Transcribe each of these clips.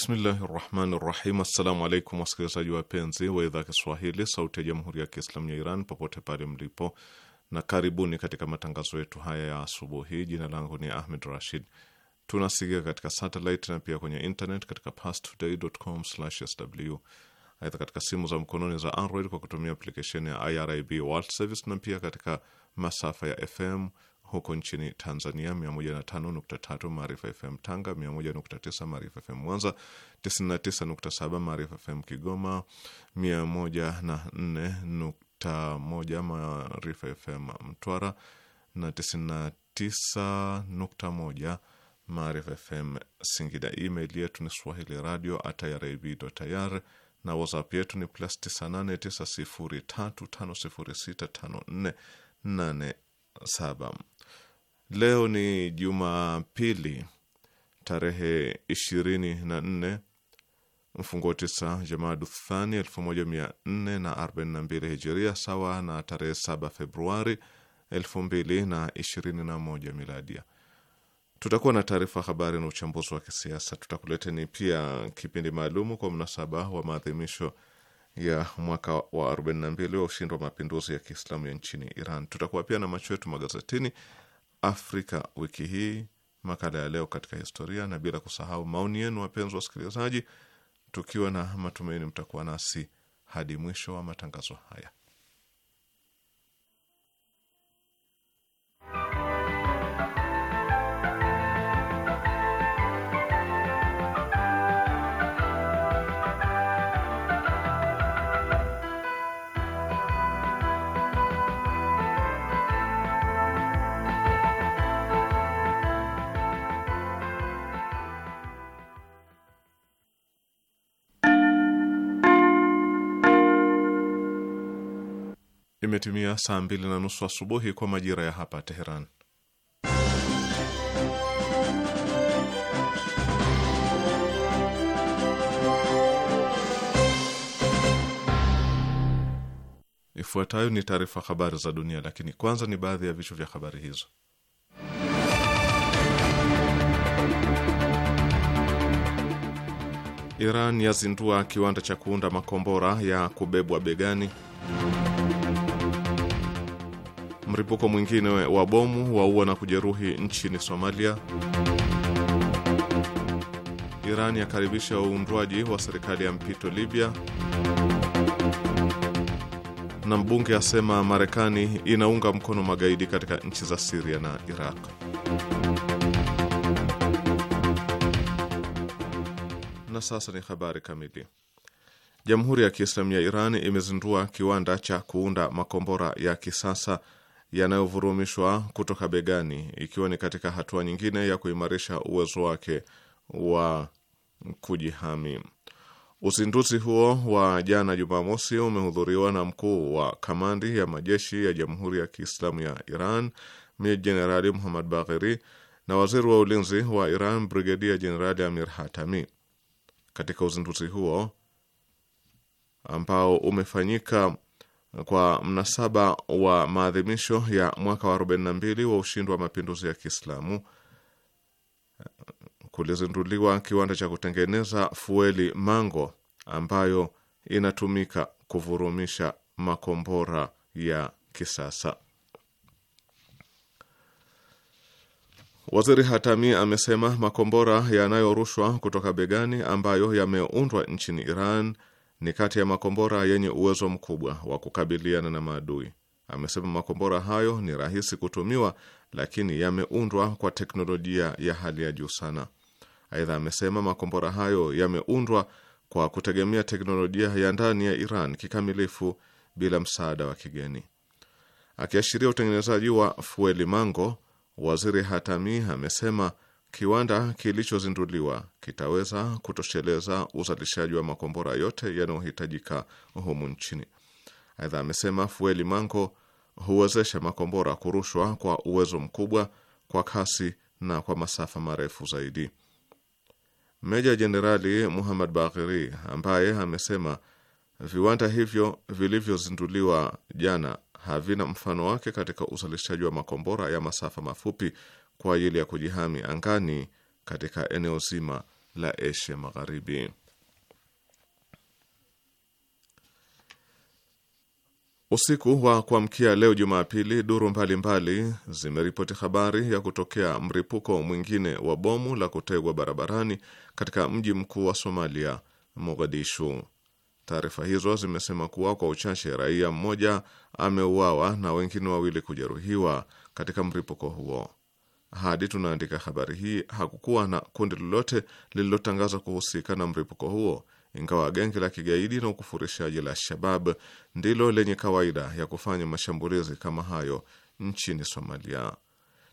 Bismillahi rahmani rahim. Assalamu alaikum wasikilizaji wapenzi wa idhaa Kiswahili sauti ya jamhuri ya Kiislamu ya Iran popote pale mlipo, na karibuni katika matangazo yetu haya ya asubuhi. Jina langu ni Ahmed Rashid. Tunasikia katika satellite na pia kwenye internet katika pastoday.com/sw. Aidha, katika simu za mkononi za Android kwa kutumia aplikesheni ya IRIB World Service na pia katika masafa ya FM huko nchini Tanzania 105.3 Maarifa FM Tanga, 101.9 Maarifa FM Mwanza, 99.7 Maarifa FM Kigoma, 104.1 Maarifa FM Mtwara na 99.1 Maarifa FM Singida. Email yetu ni swahili radio irib.ir na whatsapp yetu ni plus 989035065487. Leo ni Jumapili tarehe 24 mfungo 9 Jamadu Thani 1442 Hijiria, sawa na tarehe 7 Februari 2021 Miladia. Tutakuwa na taarifa habari na uchambuzi wa kisiasa. Tutakuleteni pia kipindi maalumu kwa mnasaba wa maadhimisho ya mwaka wa 42 wa ushindi wa mapinduzi ya Kiislamu ya nchini Iran. Tutakuwa pia na macho yetu magazetini Afrika wiki hii, makala ya leo katika historia, na bila kusahau maoni yenu, wapenzi wasikilizaji, tukiwa na matumaini mtakuwa nasi hadi mwisho wa matangazo haya. Imetimia saa mbili na nusu asubuhi kwa majira ya hapa Teheran. Ifuatayo ni taarifa habari za dunia, lakini kwanza ni baadhi ya vichwa vya habari hizo. Iran yazindua kiwanda cha kuunda makombora ya kubebwa begani mripuko mwingine wa bomu waua na kujeruhi nchini Somalia. Iran yakaribisha uundwaji wa serikali ya mpito Libya. Na mbunge asema Marekani inaunga mkono magaidi katika nchi za Siria na Iraq. Na sasa ni habari kamili. Jamhuri ya Kiislamu ya Iran imezindua kiwanda cha kuunda makombora ya kisasa yanayovurumishwa kutoka begani, ikiwa ni katika hatua nyingine ya kuimarisha uwezo wake wa kujihami. Uzinduzi huo wa jana Jumamosi umehudhuriwa na mkuu wa kamandi ya majeshi ya Jamhuri ya Kiislamu ya Iran Meja Jenerali Muhammad Bagheri na waziri wa ulinzi wa Iran Brigedia Jenerali Amir Hatami. Katika uzinduzi huo ambao umefanyika kwa mnasaba wa maadhimisho ya mwaka wa 42 wa ushindi wa mapinduzi ya Kiislamu eh, kulizinduliwa kiwanda cha kutengeneza fueli Mango ambayo inatumika kuvurumisha makombora ya kisasa. Waziri Hatami amesema makombora yanayorushwa kutoka begani ambayo yameundwa nchini Iran ni kati ya makombora yenye uwezo mkubwa wa kukabiliana na maadui. Amesema makombora hayo ni rahisi kutumiwa, lakini yameundwa kwa teknolojia ya hali ya juu sana. Aidha, amesema makombora hayo yameundwa kwa kutegemea teknolojia ya ndani ya Iran kikamilifu bila msaada wa kigeni. Akiashiria utengenezaji wa fueli mango, waziri Hatami amesema Kiwanda kilichozinduliwa kitaweza kutosheleza uzalishaji wa makombora yote yanayohitajika humu nchini. Aidha, amesema fueli mango huwezesha makombora kurushwa kwa uwezo mkubwa, kwa kasi na kwa masafa marefu zaidi. Meja Jenerali Muhammad Baghiri ambaye amesema viwanda hivyo vilivyozinduliwa jana havina mfano wake katika uzalishaji wa makombora ya masafa mafupi kwa ajili ya kujihami angani katika eneo zima la Asia Magharibi. Usiku wa kuamkia leo Jumapili, duru mbalimbali zimeripoti habari ya kutokea mripuko mwingine wa bomu la kutegwa barabarani katika mji mkuu wa Somalia, Mogadishu. Taarifa hizo zimesema kuwa kwa uchache raia mmoja ameuawa na wengine wawili kujeruhiwa katika mripuko huo hadi tunaandika habari hii hakukuwa na kundi lolote lililotangaza kuhusika na mripuko huo, ingawa genge la kigaidi na ukufurishaji la Shabab ndilo lenye kawaida ya kufanya mashambulizi kama hayo nchini Somalia.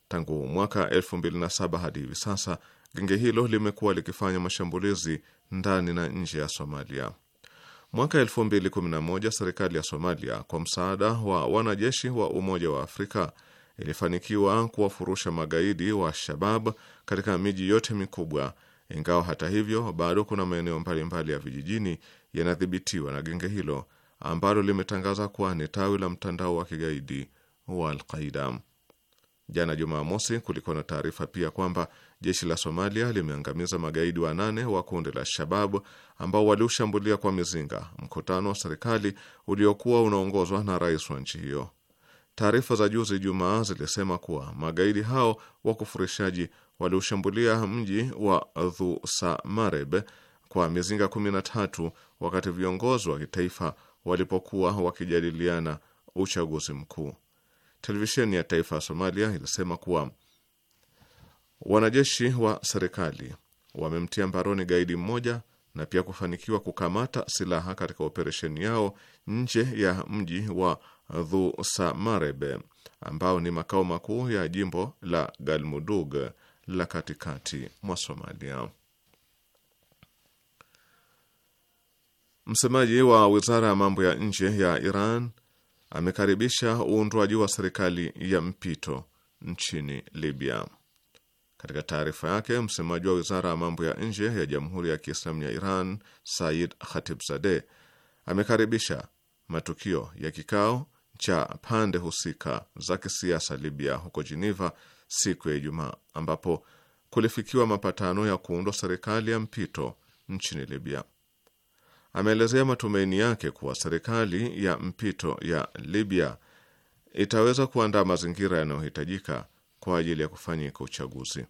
Tangu mwaka 2007 hadi hivi sasa genge hilo limekuwa likifanya mashambulizi ndani na nje ya Somalia. Mwaka 2011 serikali ya Somalia kwa msaada wa wanajeshi wa Umoja wa Afrika ilifanikiwa kuwafurusha magaidi wa Shabab katika miji yote mikubwa, ingawa hata hivyo bado kuna maeneo mbalimbali ya vijijini yanadhibitiwa na genge hilo ambalo limetangaza kuwa ni tawi la mtandao wa kigaidi wa Alqaida. Jana Jumamosi, kulikuwa na taarifa pia kwamba jeshi la Somalia limeangamiza magaidi wanane wa kundi la shabab ambao waliushambulia kwa mizinga mkutano wa serikali uliokuwa unaongozwa na rais wa nchi hiyo. Taarifa za juzi jumaa zilisema kuwa magaidi hao wa kufurishaji waliushambulia mji wa Dhusamareb kwa mizinga 13 wakati viongozi wa kitaifa walipokuwa wakijadiliana uchaguzi mkuu. Televisheni ya taifa ya Somalia ilisema kuwa wanajeshi wa serikali wamemtia mbaroni gaidi mmoja na pia kufanikiwa kukamata silaha katika operesheni yao nje ya mji wa Samarebe, ambao ni makao makuu ya jimbo la Galmudug la katikati mwa Somalia. Msemaji wa wizara ya mambo ya nje ya Iran amekaribisha uundwaji wa serikali ya mpito nchini Libya. Katika taarifa yake, msemaji wa wizara ya mambo ya nje ya Jamhuri ya Kiislamu ya Iran Said Khatibzadeh amekaribisha matukio ya kikao cha pande husika za kisiasa Libya huko Geneva siku ya Ijumaa, ambapo kulifikiwa mapatano ya kuundwa serikali ya mpito nchini Libya. Ameelezea matumaini yake kuwa serikali ya mpito ya Libya itaweza kuandaa mazingira yanayohitajika kwa ajili ya kufanyika uchaguzi.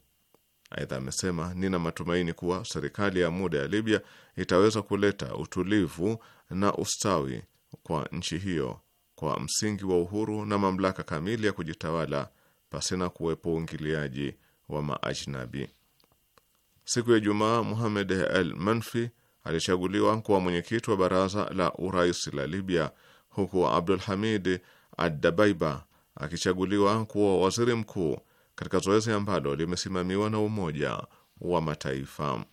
Aidha, amesema nina matumaini kuwa serikali ya muda ya Libya itaweza kuleta utulivu na ustawi kwa nchi hiyo kwa msingi wa uhuru na mamlaka kamili ya kujitawala pasina kuwepo uingiliaji wa maajnabi. Siku ya Jumaa, Muhamed El Manfi alichaguliwa kuwa mwenyekiti wa baraza la urais la Libya, huku Abdul Hamid Addabaiba akichaguliwa kuwa waziri mkuu katika zoezi ambalo limesimamiwa na Umoja wa Mataifa.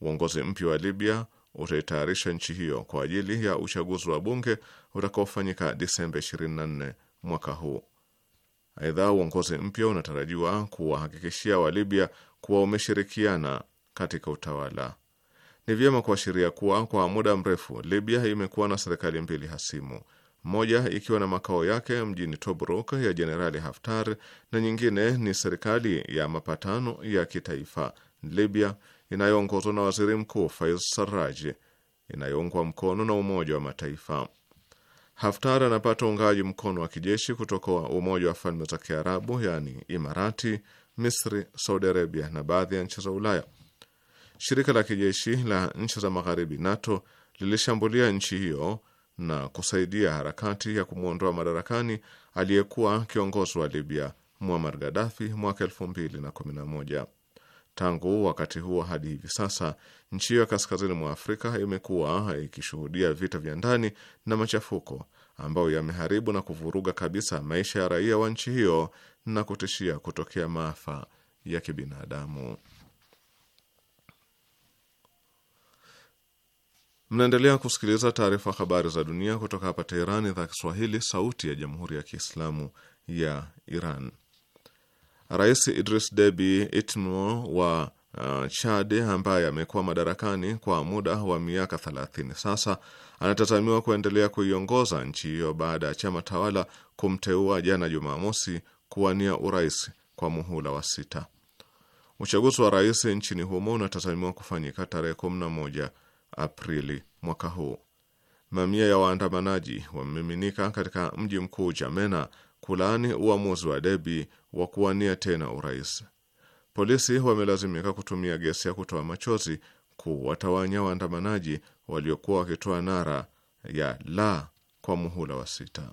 Uongozi mpya wa Libya utaitayarisha nchi hiyo kwa ajili ya uchaguzi wa bunge utakaofanyika Disemba 24 mwaka huu. Aidha, uongozi mpya unatarajiwa kuwahakikishia wa libya kuwa umeshirikiana katika utawala. Ni vyema kuashiria kuwa kwa muda mrefu Libya imekuwa na serikali mbili hasimu, moja ikiwa na makao yake mjini Tobruk ya Jenerali Haftar na nyingine ni serikali ya mapatano ya kitaifa Libya inayoongozwa na waziri mkuu Faiz Sarraj inayoungwa mkono na Umoja wa Mataifa. Haftar anapata uungaji mkono wa kijeshi kutoka Umoja wa Falme za Kiarabu, yaani Imarati, Misri, Saudi Arabia na baadhi ya nchi za Ulaya. Shirika la kijeshi la nchi za magharibi NATO lilishambulia nchi hiyo na kusaidia harakati ya kumwondoa madarakani aliyekuwa kiongozi wa Libya Muammar Gaddafi mwaka 2011. Tangu wakati huo hadi hivi sasa nchi hiyo ya kaskazini mwa Afrika imekuwa ikishuhudia vita vya ndani na machafuko ambayo yameharibu na kuvuruga kabisa maisha ya raia wa nchi hiyo na kutishia kutokea maafa ya kibinadamu. Mnaendelea kusikiliza taarifa habari za dunia kutoka hapa Teherani, idhaa Kiswahili, sauti ya jamhuri ya kiislamu ya Iran. Rais Idris Deby Itno wa uh, Chad ambaye amekuwa madarakani kwa muda wa miaka 30 sasa anatazamiwa kuendelea kuiongoza nchi hiyo baada ya chama tawala kumteua jana Jumamosi kuwania urais kwa muhula wa sita. Uchaguzi wa rais nchini humo unatazamiwa kufanyika tarehe 11 Aprili mwaka huu. Mamia ya waandamanaji wamemiminika katika mji mkuu Jamena kulaani uamuzi wa Debi wa kuwania tena urais. Polisi wamelazimika kutumia gesi ya kutoa machozi kuwatawanya waandamanaji waliokuwa wakitoa nara ya la kwa muhula wa sita.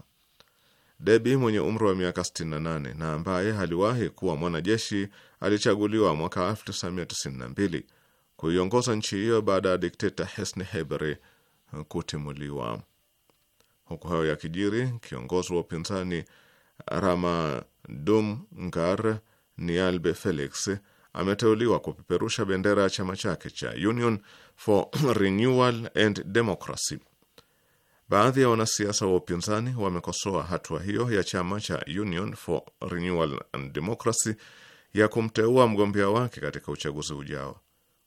Debi mwenye umri wa miaka 68 na ambaye aliwahi kuwa mwanajeshi alichaguliwa mwaka 1992 kuiongoza nchi hiyo baada ya dikteta Hesni Hebre kutimuliwa. Huku hayo ya kijiri, kiongozi wa upinzani Rama Dumgar Nialbe Felix ameteuliwa kupeperusha bendera ya chama chake cha Union for Renewal and Democracy. Baadhi ya wanasiasa wa upinzani wamekosoa hatua hiyo ya chama cha Union for Renewal and Democracy ya kumteua mgombea wake katika uchaguzi ujao.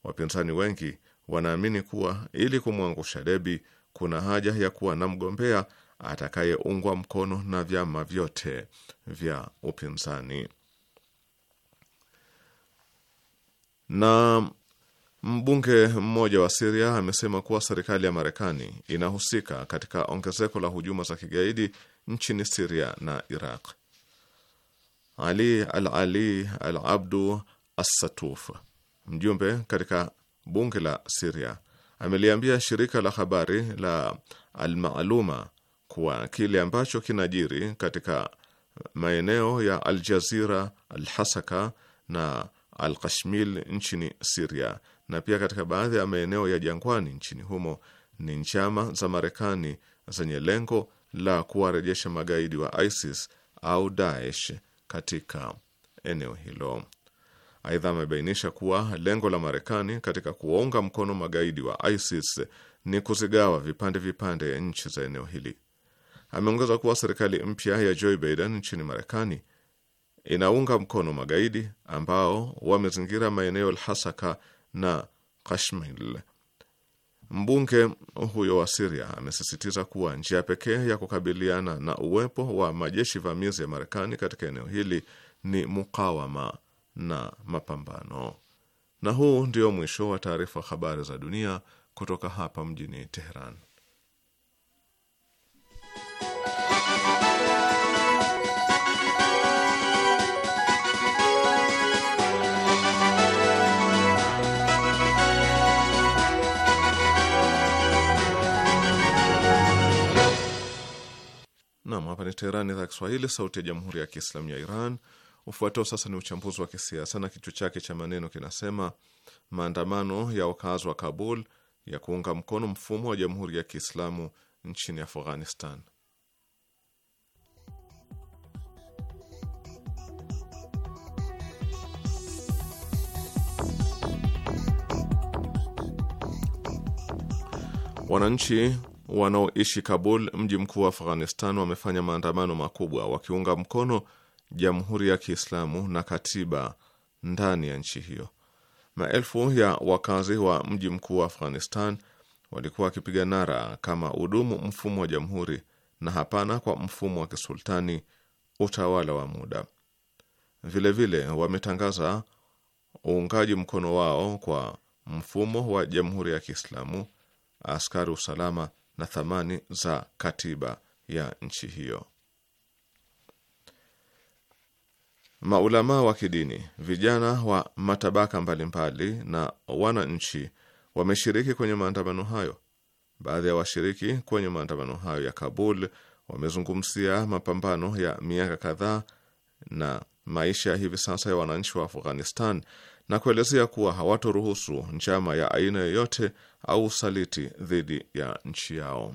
Wapinzani wengi wanaamini kuwa ili kumwangusha Debi kuna haja ya kuwa na mgombea atakayeungwa mkono na vyama vyote vya upinzani. Na mbunge mmoja wa Siria amesema kuwa serikali ya Marekani inahusika katika ongezeko la hujuma za kigaidi nchini Siria na Iraq. Ali Al Ali Al Abdu Assatuf, mjumbe katika bunge la Siria, ameliambia shirika la habari la Almaluma kuwa kile ambacho kinajiri katika maeneo ya Aljazira, Alhasaka na Alkashmil nchini Siria na pia katika baadhi ya maeneo ya jangwani nchini humo ni njama za Marekani zenye lengo la kuwarejesha magaidi wa ISIS au Daesh katika eneo hilo. Aidha, amebainisha kuwa lengo la Marekani katika kuwaunga mkono magaidi wa ISIS ni kuzigawa vipande vipande nchi za eneo hili. Ameongeza kuwa serikali mpya ya Joe Biden nchini Marekani inaunga mkono magaidi ambao wamezingira maeneo Alhasaka na kashmil Mbunge huyo wa Siria amesisitiza kuwa njia pekee ya kukabiliana na uwepo wa majeshi vamizi ya Marekani katika eneo hili ni mukawama na mapambano. Na huu ndio mwisho wa taarifa habari za dunia kutoka hapa mjini Teheran. Nam, hapa ni Teherani, idhaa ya Kiswahili, sauti ya jamhuri ya kiislamu ya Iran. Ufuatao sasa ni uchambuzi wa kisiasa na kichwa chake cha maneno kinasema: maandamano ya wakazi wa Kabul ya kuunga mkono mfumo wa jamhuri ya kiislamu nchini Afghanistan. Wananchi wanaoishi Kabul, mji mkuu wa Afghanistan, wamefanya maandamano makubwa wakiunga mkono jamhuri ya Kiislamu na katiba ndani ya nchi hiyo. Maelfu ya wakazi wa mji mkuu wa Afghanistan walikuwa wakipiga nara kama udumu mfumo wa jamhuri na hapana kwa mfumo wa kisultani, utawala wa muda. Vilevile wametangaza uungaji mkono wao kwa mfumo wa jamhuri ya Kiislamu, askari usalama na thamani za katiba ya nchi hiyo. Maulamaa wa kidini, vijana wa matabaka mbalimbali na wananchi wameshiriki kwenye maandamano hayo. Baadhi ya washiriki kwenye maandamano hayo ya Kabul wamezungumzia mapambano ya miaka kadhaa na maisha ya hivi sasa ya wananchi wa Afghanistan na kuelezea kuwa hawatoruhusu njama ya aina yoyote au usaliti dhidi ya nchi yao.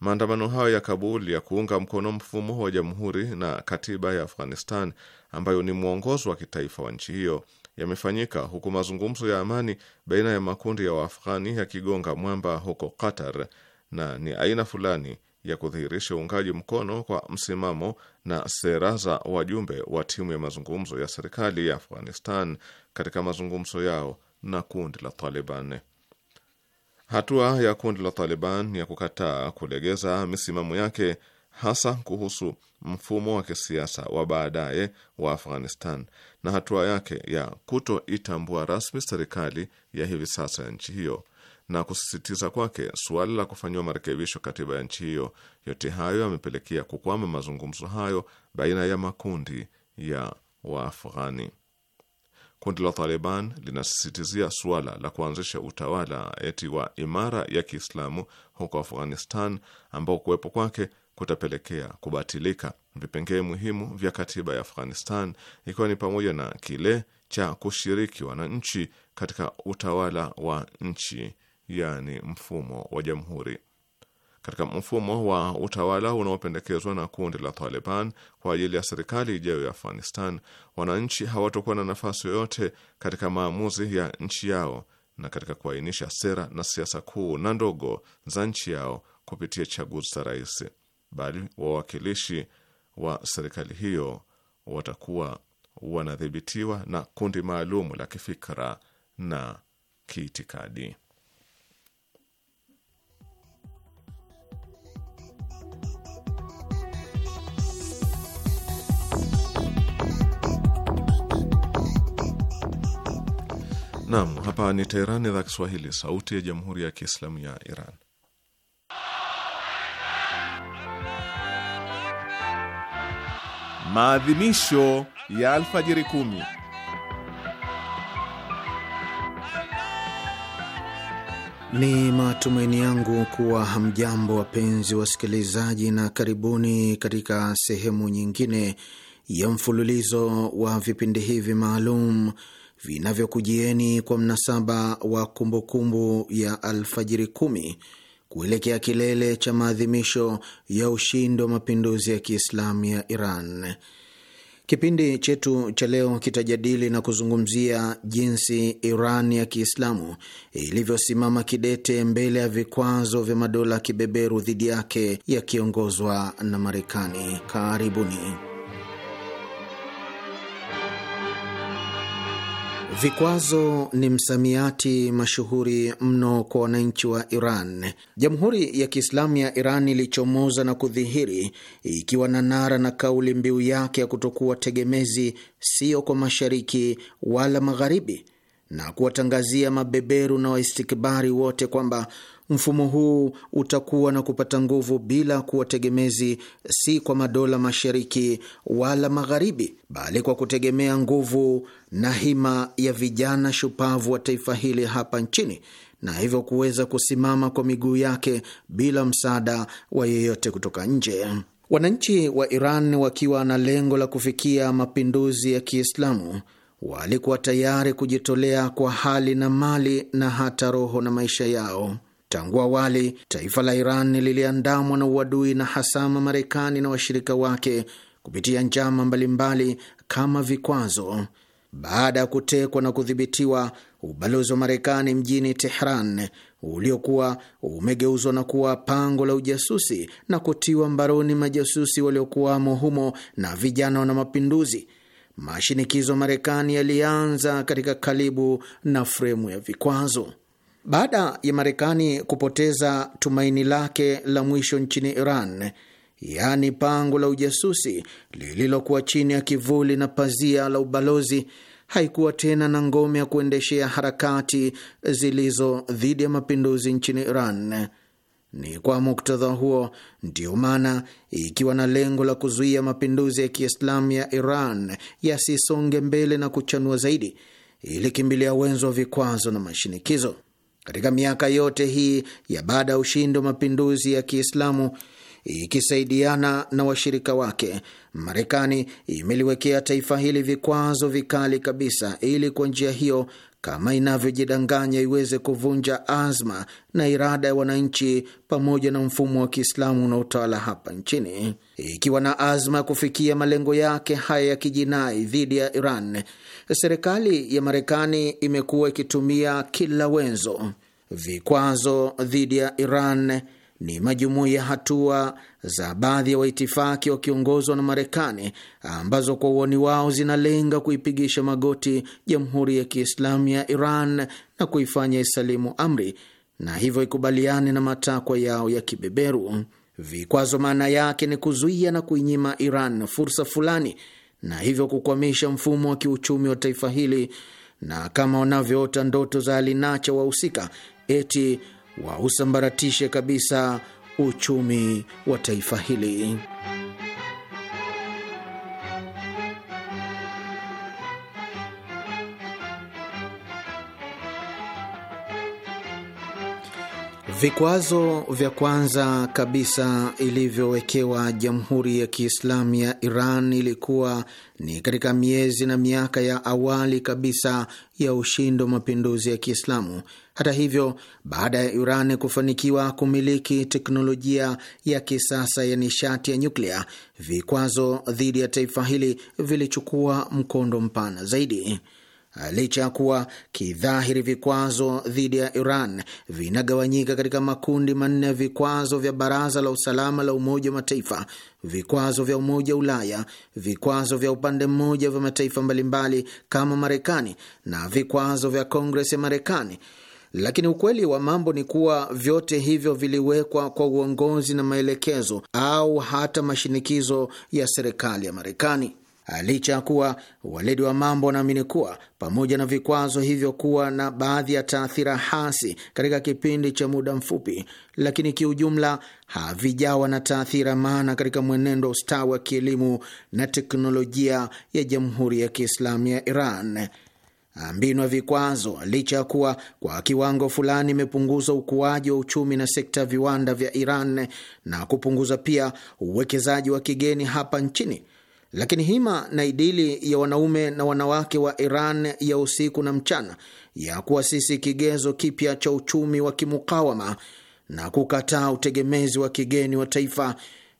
Maandamano hayo ya Kabul ya kuunga mkono mfumo wa jamhuri na katiba ya Afghanistan ambayo ni mwongozo wa kitaifa wa nchi hiyo yamefanyika huku mazungumzo ya amani baina ya makundi ya Waafghani yakigonga mwamba huko Qatar, na ni aina fulani ya kudhihirisha uungaji mkono kwa msimamo na sera za wajumbe wa timu ya mazungumzo ya serikali ya Afghanistan katika mazungumzo yao na kundi la Taliban. Hatua ya kundi la Taliban ya kukataa kulegeza misimamo yake hasa kuhusu mfumo wa kisiasa wa baadaye wa Afghanistan na hatua yake ya kutoitambua rasmi serikali ya hivi sasa ya nchi hiyo na kusisitiza kwake suala la kufanyiwa marekebisho katiba ya nchi hiyo. Yote hayo yamepelekea kukwama mazungumzo hayo baina ya makundi ya Waafghani. Kundi la Taliban linasisitizia suala la kuanzisha utawala eti wa imara ya Kiislamu huko Afghanistan, ambao kuwepo kwake kutapelekea kubatilika vipengee muhimu vya katiba ya Afghanistan, ikiwa ni pamoja na kile cha kushiriki wananchi katika utawala wa nchi yaani mfumo wa jamhuri. Katika mfumo wa utawala unaopendekezwa na kundi la Taliban kwa ajili ya serikali ijayo ya Afghanistan, wananchi hawatokuwa na nafasi yoyote katika maamuzi ya nchi yao na katika kuainisha sera na siasa kuu na ndogo za nchi yao kupitia chaguzi za rais, bali wawakilishi wa serikali hiyo watakuwa wanadhibitiwa na kundi maalum la kifikra na kiitikadi. Naam, hapa ni Teheran, idhaa Kiswahili, sauti ya jamhuri ya kiislamu ya Iran. Maadhimisho ya alfajiri kumi. Ni matumaini yangu kuwa hamjambo, wapenzi wasikilizaji, na karibuni katika sehemu nyingine ya mfululizo wa vipindi hivi maalum vinavyokujieni kwa mnasaba wa kumbukumbu kumbu ya Alfajiri kumi kuelekea kilele cha maadhimisho ya ushindi wa mapinduzi ya Kiislamu ya Iran. Kipindi chetu cha leo kitajadili na kuzungumzia jinsi Iran ya Kiislamu ilivyosimama kidete mbele ya vikwazo vya madola kibeberu dhidi yake yakiongozwa na Marekani. Karibuni. Vikwazo ni msamiati mashuhuri mno kwa wananchi wa Iran. Jamhuri ya Kiislamu ya Iran ilichomoza na kudhihiri ikiwa na nara na kauli mbiu yake ya kutokuwa tegemezi, sio kwa mashariki wala magharibi, na kuwatangazia mabeberu na waistikbari wote kwamba Mfumo huu utakuwa na kupata nguvu bila kuwa tegemezi, si kwa madola mashariki wala magharibi, bali kwa kutegemea nguvu na hima ya vijana shupavu wa taifa hili hapa nchini, na hivyo kuweza kusimama kwa miguu yake bila msaada wa yeyote kutoka nje. Wananchi wa Iran wakiwa na lengo la kufikia mapinduzi ya Kiislamu walikuwa tayari kujitolea kwa hali na mali na hata roho na maisha yao. Tangu awali taifa la Iran liliandamwa na uadui na hasama Marekani na washirika wake kupitia njama mbalimbali mbali kama vikwazo. Baada ya kutekwa na kudhibitiwa ubalozi wa Marekani mjini Tehran uliokuwa umegeuzwa na kuwa pango la ujasusi na kutiwa mbaroni majasusi waliokuwamo humo na vijana wana mapinduzi, mashinikizo Marekani yalianza katika kalibu na fremu ya vikwazo. Baada ya Marekani kupoteza tumaini lake la mwisho nchini Iran, yaani pango la ujasusi lililokuwa chini ya kivuli na pazia la ubalozi, haikuwa tena na ngome ya kuendeshea harakati zilizo dhidi ya mapinduzi nchini Iran. Ni kwa muktadha huo ndio maana, ikiwa na lengo la kuzuia mapinduzi ya Kiislamu ya Iran yasisonge mbele na kuchanua zaidi, ilikimbilia wenzo wa vikwazo na mashinikizo. Katika miaka yote hii ya baada ya ushindi wa mapinduzi ya Kiislamu, ikisaidiana na washirika wake, Marekani imeliwekea taifa hili vikwazo vikali kabisa, ili kwa njia hiyo, kama inavyojidanganya, iweze kuvunja azma na irada ya wananchi pamoja na mfumo wa Kiislamu unaotawala hapa nchini. Ikiwa na azma ya kufikia malengo yake haya ya kijinai dhidi ya Iran, serikali ya Marekani imekuwa ikitumia kila wenzo vikwazo dhidi ya Iran ni majumui ya hatua za baadhi ya waitifaki wakiongozwa na Marekani ambazo kwa uoni wao zinalenga kuipigisha magoti Jamhuri ya Kiislamu ya Iran na kuifanya isalimu amri na hivyo ikubaliane na matakwa yao ya kibeberu. Vikwazo maana yake ni kuzuia na kuinyima Iran fursa fulani na hivyo kukwamisha mfumo wa kiuchumi wa taifa hili, na kama wanavyoota ndoto za alinacha wahusika eti wausambaratishe kabisa uchumi wa taifa hili. Vikwazo vya kwanza kabisa ilivyowekewa Jamhuri ya Kiislamu ya Iran ilikuwa ni katika miezi na miaka ya awali kabisa ya ushindi wa mapinduzi ya Kiislamu. Hata hivyo, baada ya Iran kufanikiwa kumiliki teknolojia ya kisasa ya nishati ya nyuklia, vikwazo dhidi ya taifa hili vilichukua mkondo mpana zaidi licha ya kuwa kidhahiri vikwazo dhidi ya Iran vinagawanyika katika makundi manne ya vikwazo vya Baraza la Usalama la Umoja wa Mataifa, vikwazo vya Umoja wa Ulaya, vikwazo vya upande mmoja vya mataifa mbalimbali kama Marekani na vikwazo vya Kongres ya Marekani. Lakini ukweli wa mambo ni kuwa vyote hivyo viliwekwa kwa uongozi na maelekezo au hata mashinikizo ya serikali ya Marekani. Ah, licha ya kuwa waledi wa mambo wanaamini kuwa pamoja na vikwazo hivyo kuwa na baadhi ya taathira hasi katika kipindi cha muda mfupi, lakini kiujumla havijawa na taathira maana katika mwenendo wa ustawi wa kielimu na teknolojia ya Jamhuri ya Kiislamu ya Iran. Ah, mbinu ya vikwazo, licha ya kuwa kwa kiwango fulani imepunguza ukuaji wa uchumi na sekta ya viwanda vya Iran na kupunguza pia uwekezaji wa kigeni hapa nchini lakini hima na idili ya wanaume na wanawake wa Iran ya usiku na mchana ya kuasisi kigezo kipya cha uchumi wa kimukawama na kukataa utegemezi wa kigeni wa taifa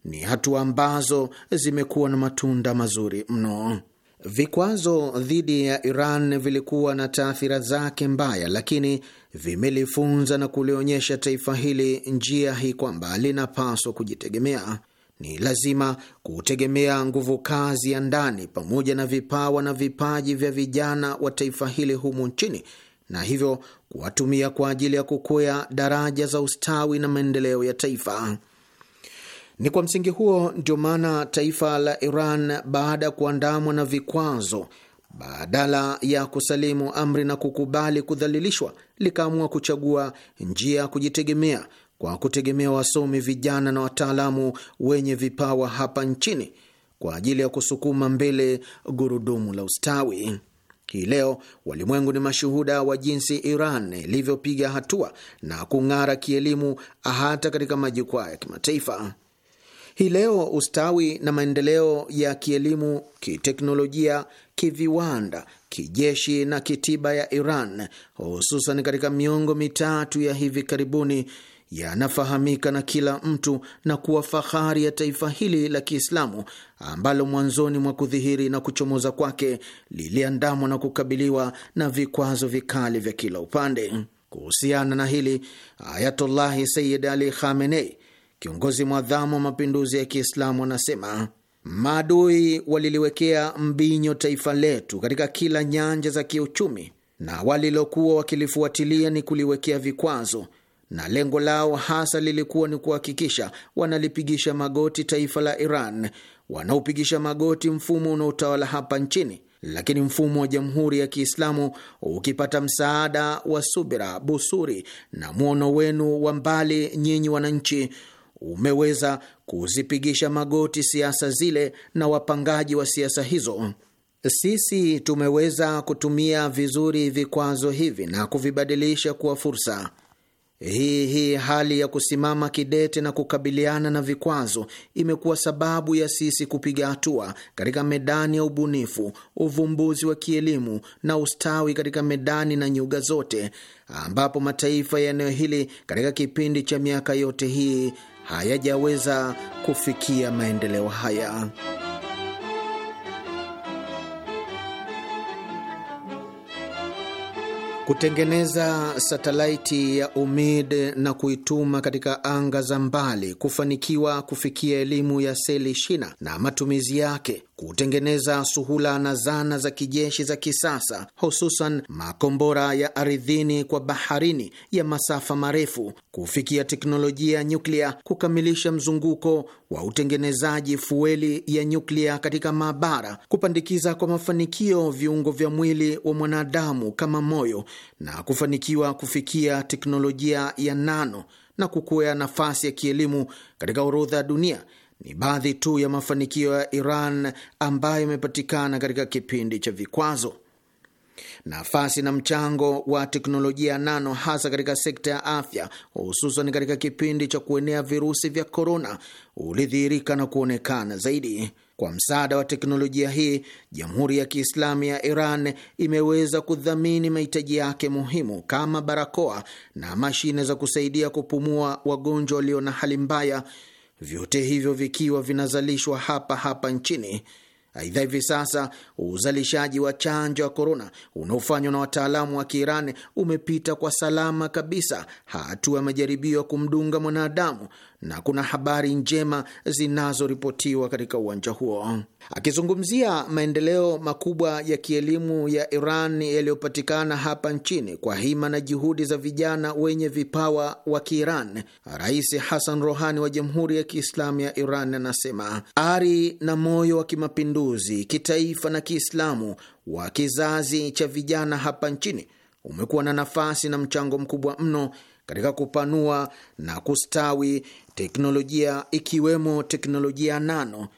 ni hatua ambazo zimekuwa na matunda mazuri mno. Vikwazo dhidi ya Iran vilikuwa na taathira zake mbaya, lakini vimelifunza na kulionyesha taifa hili njia hii kwamba linapaswa kujitegemea ni lazima kutegemea nguvu kazi ya ndani pamoja na vipawa na vipaji vya vijana wa taifa hili humu nchini na hivyo kuwatumia kwa ajili ya kukwea daraja za ustawi na maendeleo ya taifa. Ni kwa msingi huo ndio maana taifa la Iran baada ya kuandamwa na vikwazo, badala ya kusalimu amri na kukubali kudhalilishwa, likaamua kuchagua njia ya kujitegemea kwa kutegemea wasomi vijana na wataalamu wenye vipawa hapa nchini kwa ajili ya kusukuma mbele gurudumu la ustawi. Hii leo walimwengu ni mashuhuda wa jinsi Iran ilivyopiga hatua na kung'ara kielimu hata katika majukwaa ya kimataifa. Hii leo ustawi na maendeleo ya kielimu, kiteknolojia, kiviwanda, kijeshi na kitiba ya Iran, hususan katika miongo mitatu ya hivi karibuni, yanafahamika na kila mtu na kuwa fahari ya taifa hili la Kiislamu ambalo mwanzoni mwa kudhihiri na kuchomoza kwake liliandamwa na kukabiliwa na vikwazo vikali vya kila upande. Kuhusiana na hili, Ayatullahi Sayyid Ali Khamenei, kiongozi mwadhamu wa mapinduzi ya Kiislamu, anasema maadui waliliwekea mbinyo taifa letu katika kila nyanja za kiuchumi, na walilokuwa wakilifuatilia ni kuliwekea vikwazo na lengo lao hasa lilikuwa ni kuhakikisha wanalipigisha magoti taifa la Iran, wanaopigisha magoti mfumo unaotawala hapa nchini. Lakini mfumo wa Jamhuri ya Kiislamu ukipata msaada wa subira, busuri na mwono wenu wa mbali, nyinyi wananchi, umeweza kuzipigisha magoti siasa zile na wapangaji wa siasa hizo. Sisi tumeweza kutumia vizuri vikwazo hivi na kuvibadilisha kuwa fursa. Hii hii hali ya kusimama kidete na kukabiliana na vikwazo imekuwa sababu ya sisi kupiga hatua katika medani ya ubunifu, uvumbuzi wa kielimu na ustawi katika medani na nyuga zote, ambapo mataifa ya eneo hili katika kipindi cha miaka yote hii hayajaweza kufikia maendeleo haya. Kutengeneza satelaiti ya Umid na kuituma katika anga za mbali, kufanikiwa kufikia elimu ya seli shina na matumizi yake, kutengeneza suhula na zana za kijeshi za kisasa, hususan makombora ya ardhini kwa baharini ya masafa marefu, kufikia teknolojia ya nyuklia, kukamilisha mzunguko wa utengenezaji fueli ya nyuklia katika maabara, kupandikiza kwa mafanikio viungo vya mwili wa mwanadamu kama moyo na kufanikiwa kufikia teknolojia ya nano na kukuya nafasi ya kielimu katika orodha ya dunia ni baadhi tu ya mafanikio ya Iran ambayo yamepatikana katika kipindi cha vikwazo. Nafasi na mchango wa teknolojia nano hasa katika sekta ya afya, hususan katika kipindi cha kuenea virusi vya korona, ulidhihirika na kuonekana zaidi. Kwa msaada wa teknolojia hii, Jamhuri ya Kiislamu ya Iran imeweza kudhamini mahitaji yake muhimu kama barakoa na mashine za kusaidia kupumua wagonjwa walio na hali mbaya vyote hivyo vikiwa vinazalishwa hapa hapa nchini. Aidha, hivi sasa uzalishaji wa chanjo ya korona unaofanywa na wataalamu wa Kiirani umepita kwa salama kabisa hatua ya majaribio ya kumdunga mwanadamu na kuna habari njema zinazoripotiwa katika uwanja huo. Akizungumzia maendeleo makubwa ya kielimu ya Iran yaliyopatikana hapa nchini kwa hima na juhudi za vijana wenye vipawa wa Kiiran, Rais Hassan Rohani wa Jamhuri ya Kiislamu ya Iran anasema ari na moyo wa kimapinduzi kitaifa na Kiislamu wa kizazi cha vijana hapa nchini umekuwa na nafasi na mchango mkubwa mno katika kupanua na kustawi teknolojia ikiwemo teknolojia nano,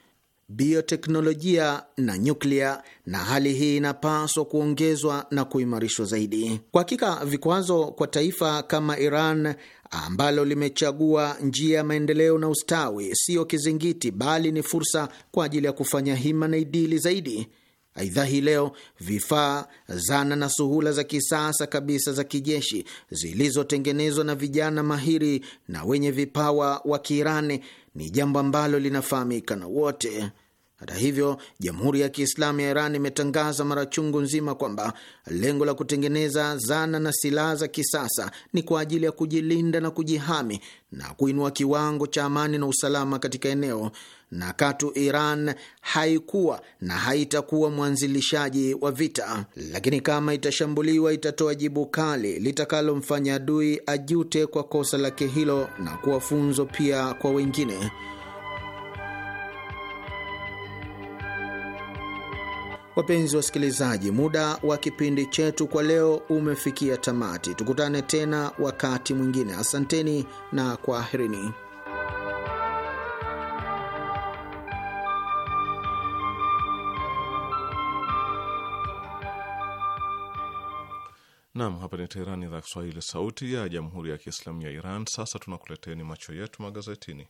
bioteknolojia na nyuklia, na hali hii inapaswa kuongezwa na kuimarishwa zaidi. Kwa hakika, vikwazo kwa taifa kama Iran ambalo limechagua njia ya maendeleo na ustawi siyo kizingiti, bali ni fursa kwa ajili ya kufanya hima na idili zaidi. Aidha, hii leo vifaa, zana na suhula za kisasa kabisa za kijeshi zilizotengenezwa na vijana mahiri na wenye vipawa wa Kiirani ni jambo ambalo linafahamika na wote. Hata hivyo, Jamhuri ya Kiislamu ya Iran imetangaza mara chungu nzima kwamba lengo la kutengeneza zana na silaha za kisasa ni kwa ajili ya kujilinda na kujihami na kuinua kiwango cha amani na usalama katika eneo na katu Iran haikuwa na haitakuwa mwanzilishaji wa vita, lakini kama itashambuliwa itatoa jibu kali litakalomfanya adui ajute kwa kosa lake hilo na kuwa funzo pia kwa wengine. Wapenzi wasikilizaji, muda wa kipindi chetu kwa leo umefikia tamati. Tukutane tena wakati mwingine. Asanteni na kwaherini. Nam, hapa ni Teherani, idhaa Kiswahili, sauti ya jamhuri ya kiislamu ya Iran. Sasa tunakuleteni macho yetu magazetini.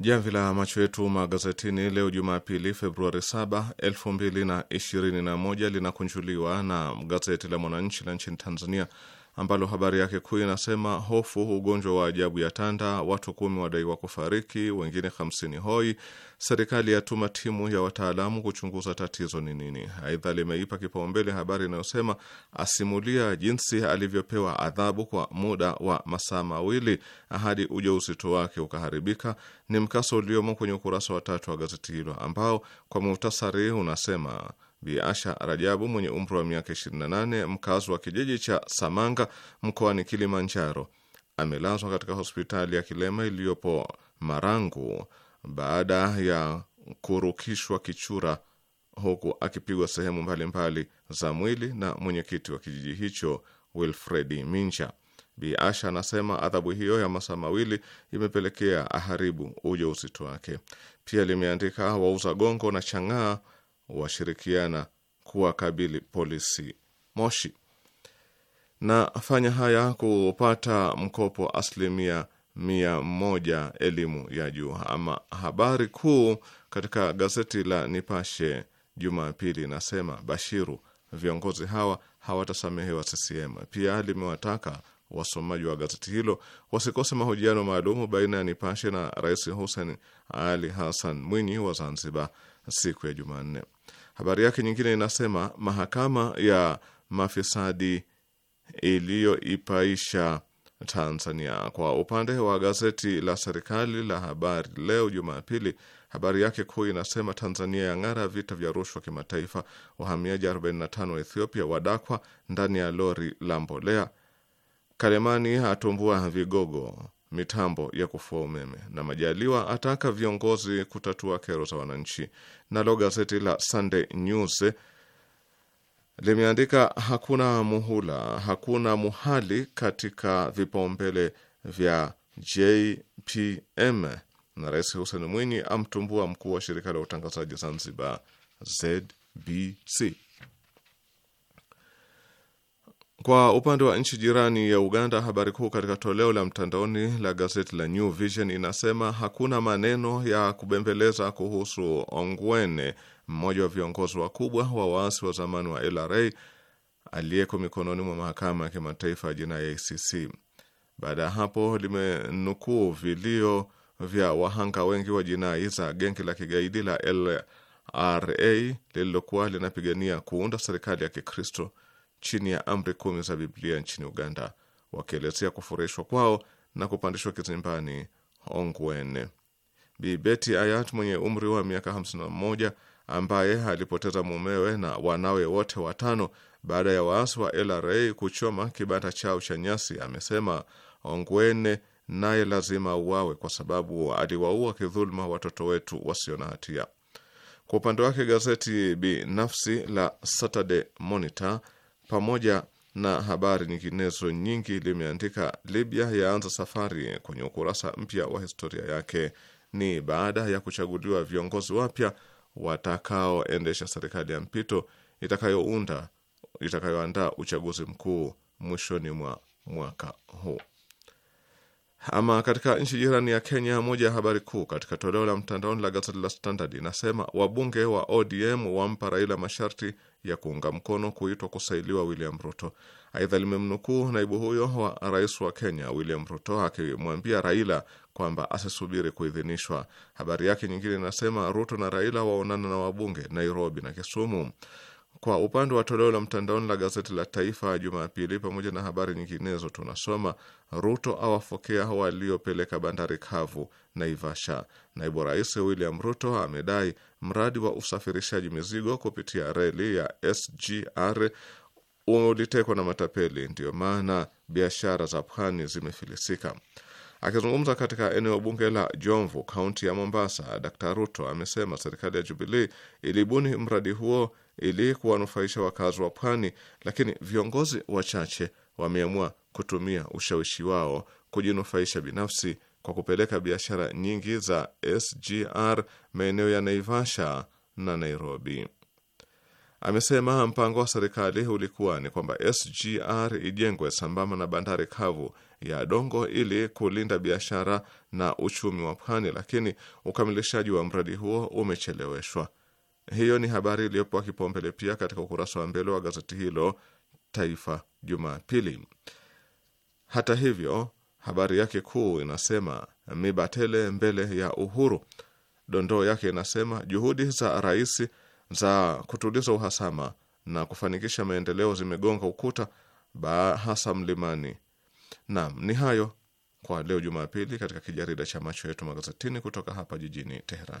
Jamvi la macho yetu magazetini leo Jumapili, Februari 7, 2021 linakunjuliwa na gazeti la Mwananchi la nchini Tanzania ambalo habari yake kuu inasema hofu, ugonjwa wa ajabu ya tanda, watu kumi wadaiwa kufariki, wengine hamsini hoi, serikali yatuma timu ya wataalamu kuchunguza tatizo ni nini. Aidha, limeipa kipaumbele habari inayosema asimulia jinsi alivyopewa adhabu kwa muda wa masaa mawili hadi ujauzito wake ukaharibika. Ni mkasa uliomo kwenye ukurasa wa tatu wa gazeti hilo ambao kwa muhtasari unasema Bi Asha Rajabu mwenye umri wa miaka 28 mkazi wa kijiji cha Samanga mkoani Kilimanjaro amelazwa katika hospitali ya Kilema iliyopo Marangu baada ya kurukishwa kichura huku akipigwa sehemu mbalimbali za mwili na mwenyekiti wa kijiji hicho Wilfredi Minja. Bi Asha anasema adhabu hiyo ya masaa mawili imepelekea aharibu ujauzito wake. Pia limeandika wauza gongo na chang'aa washirikiana kuwakabili polisi Moshi na fanya haya kupata mkopo asilimia mia moja elimu ya juu. Ama habari kuu katika gazeti la Nipashe Jumapili inasema Bashiru, viongozi hawa hawatasamehewa CCM. Pia limewataka wasomaji wa gazeti hilo wasikose mahojiano maalumu baina ya Nipashe na Rais Hussein Ali Hassan Mwinyi wa Zanzibar siku ya Jumanne. Habari yake nyingine inasema mahakama ya mafisadi iliyoipaisha Tanzania. Kwa upande wa gazeti la serikali la Habari Leo Jumapili, habari yake kuu inasema Tanzania ya ng'ara vita vya rushwa kimataifa, wahamiaji 45 wa Ethiopia wadakwa ndani ya lori la mbolea, Kalemani atumbua vigogo mitambo ya kufua umeme. Na Majaliwa ataka viongozi kutatua kero za wananchi. Nalo gazeti la Sunday News limeandika hakuna muhula, hakuna muhali katika vipaumbele vya JPM na Rais Hussein Mwinyi amtumbua mkuu wa shirika la utangazaji Zanzibar ZBC. Kwa upande wa nchi jirani ya Uganda, habari kuu katika toleo la mtandaoni la gazeti la New Vision inasema hakuna maneno ya kubembeleza kuhusu Ongwene, mmoja wa viongozi wakubwa wa waasi wa zamani wa LRA aliyeko mikononi mwa mahakama ya kimataifa ya jinai ya ICC. Baada ya hapo limenukuu vilio vya wahanga wengi wa jinai za gengi la kigaidi la LRA lililokuwa linapigania kuunda serikali ya Kikristo chini ya amri kumi za Biblia nchini Uganda, wakielezea kufurahishwa kwao na kupandishwa kizimbani Ongwen. Bi Betty Ayat mwenye umri wa miaka 51 ambaye alipoteza mumewe na wanawe wote watano baada ya waasi wa LRA kuchoma kibanda chao cha nyasi, amesema Ongwene naye lazima auawe kwa sababu aliwaua kidhuluma watoto wetu wasio na hatia. Kwa upande wake, gazeti binafsi la Saturday Monitor pamoja na habari nyinginezo nyingi limeandika Libya yaanza safari kwenye ukurasa mpya wa historia yake. Ni baada ya kuchaguliwa viongozi wapya watakaoendesha serikali ya mpito itakayounda itakayoandaa uchaguzi mkuu mwishoni mwa mwaka huu. Ama katika nchi jirani ya Kenya, moja ya habari kuu katika toleo la mtandaoni la gazeti la Standard inasema wabunge wa ODM wampa Raila masharti ya kuunga mkono kuitwa kusailiwa William Ruto. Aidha, limemnukuu naibu huyo wa rais wa Kenya William Ruto akimwambia Raila kwamba asisubiri kuidhinishwa. Habari yake nyingine inasema Ruto na Raila waonana na wabunge Nairobi na Kisumu. Kwa upande wa toleo la mtandaoni la gazeti la Taifa Jumapili, pamoja na habari nyinginezo, tunasoma Ruto awafokea waliopeleka bandari kavu Naivasha. Naibu Rais William Ruto amedai mradi wa usafirishaji mizigo kupitia reli ya SGR ulitekwa na matapeli, ndiyo maana biashara za pwani zimefilisika. Akizungumza katika eneo bunge la Jomvu, kaunti ya Mombasa, d Ruto amesema serikali ya Jubilii ilibuni mradi huo ili kuwanufaisha wakazi wa pwani, lakini viongozi wachache wameamua kutumia ushawishi wao kujinufaisha binafsi kwa kupeleka biashara nyingi za SGR maeneo ya Naivasha na Nairobi. Amesema mpango wa serikali ulikuwa ni kwamba SGR ijengwe sambamba na bandari kavu ya Dongo ili kulinda biashara na uchumi wa pwani, lakini ukamilishaji wa mradi huo umecheleweshwa. Hiyo ni habari iliyopewa kipaumbele pia katika ukurasa wa mbele wa gazeti hilo Taifa Jumapili. Hata hivyo, habari yake kuu inasema mibatele mbele ya Uhuru. Dondoo yake inasema juhudi za rais za kutuliza uhasama na kufanikisha maendeleo zimegonga ukuta, hasa mlimani. Naam, ni hayo kwa leo Jumapili katika kijarida cha macho yetu magazetini kutoka hapa jijini Teheran.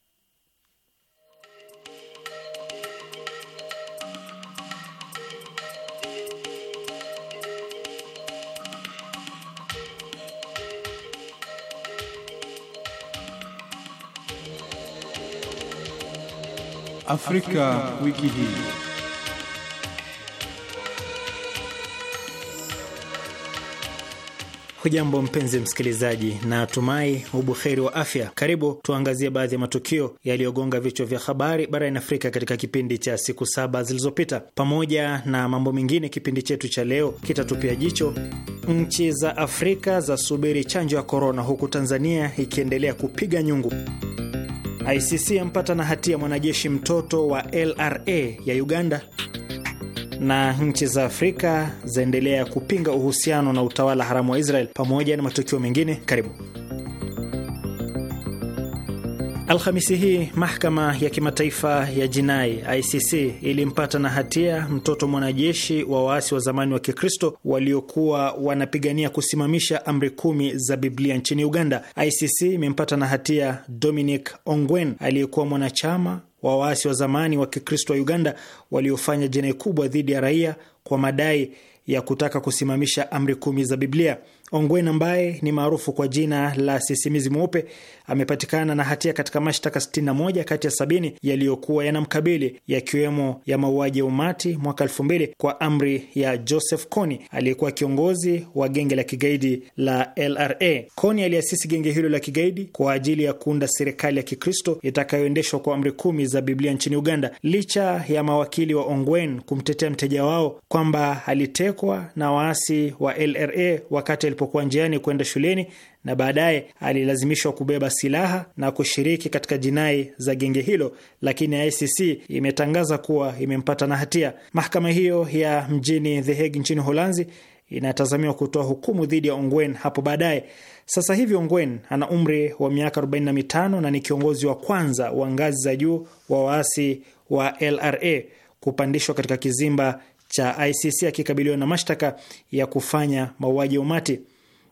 Afrika, wiki hii. Hujambo mpenzi msikilizaji, na tumai ubuheri wa afya. Karibu tuangazie baadhi ya matukio yaliyogonga vichwa vya habari barani Afrika katika kipindi cha siku saba zilizopita. Pamoja na mambo mengine, kipindi chetu cha leo kitatupia jicho nchi za Afrika zasubiri chanjo ya korona, huku Tanzania ikiendelea kupiga nyungu. ICC yampata na hatia mwanajeshi mtoto wa LRA ya Uganda, na nchi za Afrika zaendelea kupinga uhusiano na utawala haramu wa Israel, pamoja na matukio mengine. Karibu. Alhamisi hii mahakama ya kimataifa ya jinai ICC ilimpata na hatia mtoto mwanajeshi wa waasi wa zamani wa Kikristo waliokuwa wanapigania kusimamisha amri kumi za Biblia nchini Uganda. ICC imempata na hatia Dominic Ongwen aliyekuwa mwanachama wa waasi wa zamani wa Kikristo wa Uganda waliofanya jinai kubwa dhidi ya raia kwa madai ya kutaka kusimamisha amri kumi za Biblia. Ongwen ambaye ni maarufu kwa jina la sisimizi mweupe amepatikana na hatia katika mashtaka 61 kati ya sabini yaliyokuwa yanamkabili yakiwemo ya mauaji ya umati mwaka 2000 kwa amri ya Joseph Kony aliyekuwa kiongozi wa genge la kigaidi la LRA. Kony aliasisi genge hilo la kigaidi kwa ajili ya kuunda serikali ya Kikristo itakayoendeshwa kwa amri kumi za Biblia nchini Uganda, licha ya mawakili wa Ongwen kumtetea mteja wao kwamba alitekwa na waasi wa LRA wakati alipokuwa njiani kwenda shuleni na baadaye alilazimishwa kubeba silaha na kushiriki katika jinai za genge hilo, lakini ICC imetangaza kuwa imempata na hatia. Mahakama hiyo ya mjini The Hague nchini Holanzi inatazamiwa kutoa hukumu dhidi ya Ongwen hapo baadaye. Sasa hivi Ongwen ana umri wa miaka 45 na ni kiongozi wa kwanza wa ngazi za juu wa waasi wa LRA kupandishwa katika kizimba cha ICC akikabiliwa na mashtaka ya kufanya mauaji ya umati.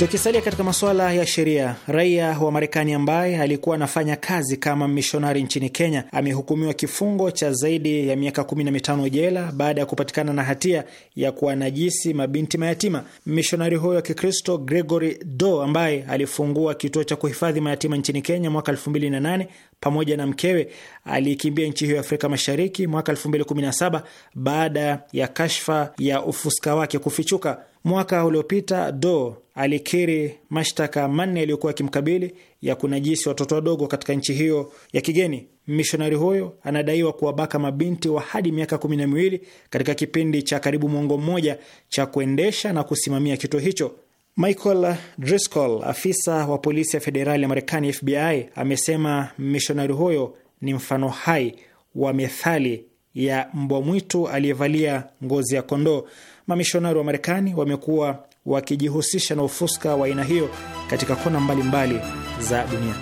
Tukisalia katika masuala ya sheria, raia wa Marekani ambaye alikuwa anafanya kazi kama mishonari nchini Kenya amehukumiwa kifungo cha zaidi ya miaka 15 jela baada ya kupatikana na hatia ya kuwanajisi mabinti mayatima. Mishonari huyo wa Kikristo Gregory Do ambaye alifungua kituo cha kuhifadhi mayatima nchini Kenya mwaka 2008 pamoja na mkewe aliyekimbia nchi hiyo ya Afrika Mashariki mwaka 2017 baada ya kashfa ya ufuska wake kufichuka. Mwaka uliopita Do alikiri mashtaka manne yaliyokuwa yakimkabili ya kunajisi watoto wadogo katika nchi hiyo ya kigeni. Mishonari huyo anadaiwa kuwabaka mabinti wa hadi miaka kumi na miwili katika kipindi cha karibu mwongo mmoja cha kuendesha na kusimamia kituo hicho. Michael Driscoll, afisa wa polisi ya federali ya Marekani, FBI, amesema mishonari huyo ni mfano hai wa methali ya mbwa mwitu aliyevalia ngozi ya kondoo. Mamishonari wa Marekani wamekuwa wakijihusisha na ufuska wa aina hiyo katika kona mbalimbali mbali za dunia.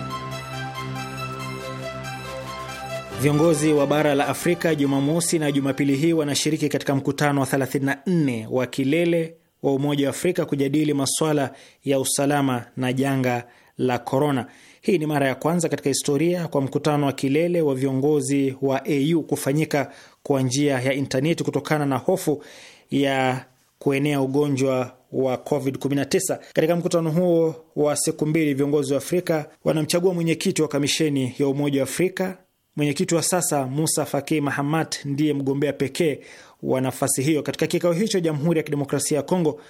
Viongozi wa bara la Afrika Jumamosi na Jumapili hii wanashiriki katika mkutano wa 34 wa kilele wa Umoja wa Afrika kujadili masuala ya usalama na janga la korona. Hii ni mara ya kwanza katika historia kwa mkutano wa kilele wa viongozi wa AU kufanyika kwa njia ya intaneti kutokana na hofu ya kuenea ugonjwa wa COVID-19. Katika mkutano huo wa siku mbili, viongozi wa Afrika wanamchagua mwenyekiti wa kamisheni ya Umoja wa Afrika Mwenyekiti wa sasa Musa Faki Mahamat ndiye mgombea pekee wa nafasi hiyo. Katika kikao hicho, Jamhuri ya Kidemokrasia ya Kongo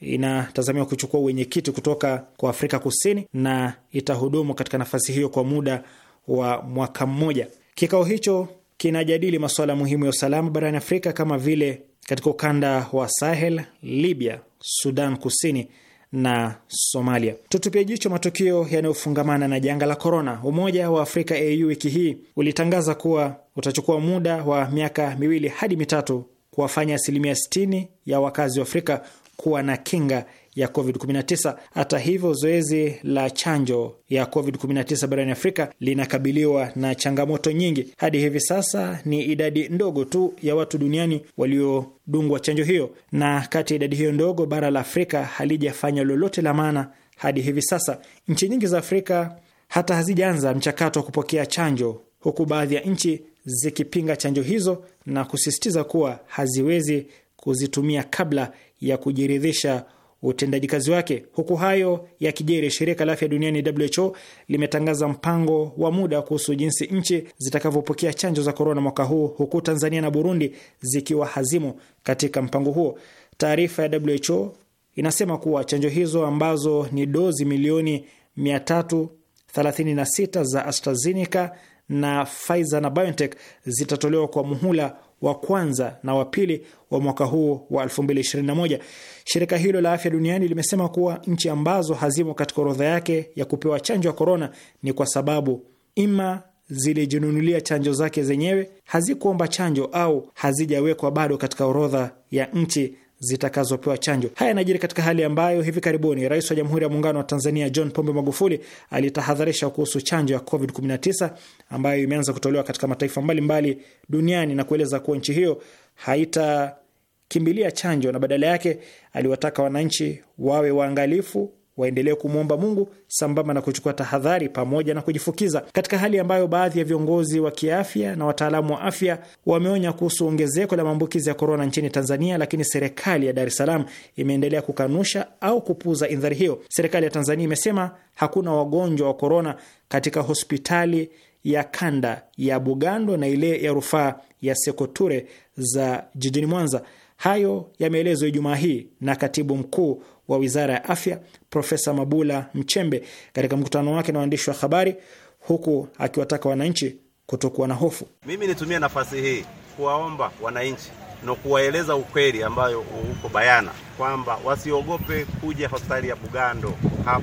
inatazamiwa kuchukua uwenyekiti kutoka kwa Afrika Kusini na itahudumu katika nafasi hiyo kwa muda wa mwaka mmoja. Kikao hicho kinajadili masuala muhimu ya usalama barani Afrika kama vile katika ukanda wa Sahel, Libya, Sudan Kusini na Somalia. Tutupia jicho matukio yanayofungamana na janga la korona. Umoja wa Afrika AU wiki hii ulitangaza kuwa utachukua muda wa miaka miwili hadi mitatu kuwafanya asilimia 60 ya wakazi wa Afrika kuwa na kinga ya COVID-19. Hata hivyo, zoezi la chanjo ya COVID-19 barani Afrika linakabiliwa na changamoto nyingi. Hadi hivi sasa ni idadi ndogo tu ya watu duniani waliodungwa chanjo hiyo, na kati ya idadi hiyo ndogo, bara la Afrika halijafanya lolote la maana hadi hivi sasa. Nchi nyingi za Afrika hata hazijaanza mchakato wa kupokea chanjo, huku baadhi ya nchi zikipinga chanjo hizo na kusisitiza kuwa haziwezi kuzitumia kabla ya kujiridhisha utendaji kazi wake. Huku hayo ya kijeri, shirika la afya duniani WHO limetangaza mpango wa muda kuhusu jinsi nchi zitakavyopokea chanjo za korona mwaka huu, huku Tanzania na Burundi zikiwa hazimu katika mpango huo. Taarifa ya WHO inasema kuwa chanjo hizo ambazo ni dozi milioni 336 za AstraZeneca na Pfizer na BioNTech zitatolewa kwa muhula wa kwanza na wa pili wa mwaka huu wa 2021. Shirika hilo la afya duniani limesema kuwa nchi ambazo hazimo katika orodha yake ya kupewa chanjo ya korona ni kwa sababu ima zilijinunulia chanjo zake zenyewe, hazikuomba chanjo au hazijawekwa bado katika orodha ya nchi zitakazopewa chanjo. Haya yanajiri katika hali ambayo hivi karibuni Rais wa Jamhuri ya Muungano wa Tanzania John Pombe Magufuli alitahadharisha kuhusu chanjo ya COVID-19 ambayo imeanza kutolewa katika mataifa mbalimbali mbali duniani na kueleza kuwa nchi hiyo haitakimbilia chanjo na badala yake aliwataka wananchi wawe waangalifu waendelee kumwomba Mungu sambamba na kuchukua tahadhari pamoja na kujifukiza, katika hali ambayo baadhi ya viongozi wa kiafya na wataalamu wa afya wameonya kuhusu ongezeko la maambukizi ya korona nchini Tanzania, lakini serikali ya Dar es Salaam imeendelea kukanusha au kupuuza indhari hiyo. Serikali ya Tanzania imesema hakuna wagonjwa wa korona katika hospitali ya kanda ya Bugando na ile ya rufaa ya Sekoture za jijini Mwanza. Hayo yameelezwa Ijumaa hii na katibu mkuu wa Wizara ya Afya Profesa Mabula Mchembe katika mkutano wake na waandishi wa habari, huku akiwataka wananchi kutokuwa na hofu. Mimi nitumie nafasi hii kuwaomba wananchi na kuwaeleza ukweli ambayo uko bayana kwamba wasiogope kuja hospitali ya Bugando.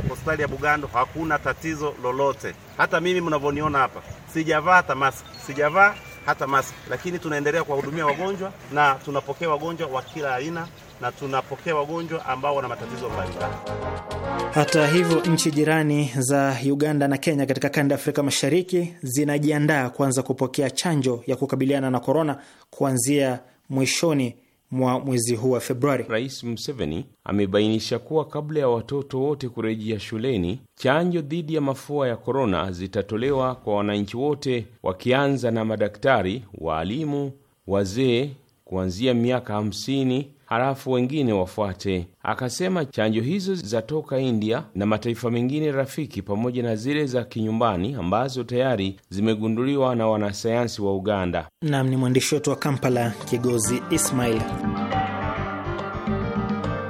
Hospitali ya Bugando hakuna tatizo lolote. Hata mimi mnavyoniona hapa, sijavaa hata mask, sijavaa hata mask, lakini tunaendelea kuwahudumia wagonjwa na tunapokea wagonjwa wa kila aina na tunapokea wagonjwa ambao wana matatizo mbalimbali. Hata hivyo, nchi jirani za Uganda na Kenya katika kanda ya Afrika Mashariki zinajiandaa kuanza kupokea chanjo ya kukabiliana na korona kuanzia mwishoni mwa mwezi huu wa Februari. Rais Museveni amebainisha kuwa kabla ya watoto wote kurejea shuleni, chanjo dhidi ya mafua ya korona zitatolewa kwa wananchi wote, wakianza na madaktari, waalimu, wazee kuanzia miaka hamsini halafu wengine wafuate. Akasema chanjo hizo zatoka India na mataifa mengine rafiki pamoja na zile za kinyumbani ambazo tayari zimegunduliwa na wanasayansi wa Uganda. Nam ni mwandishi wetu wa Kampala, Kigozi Ismail.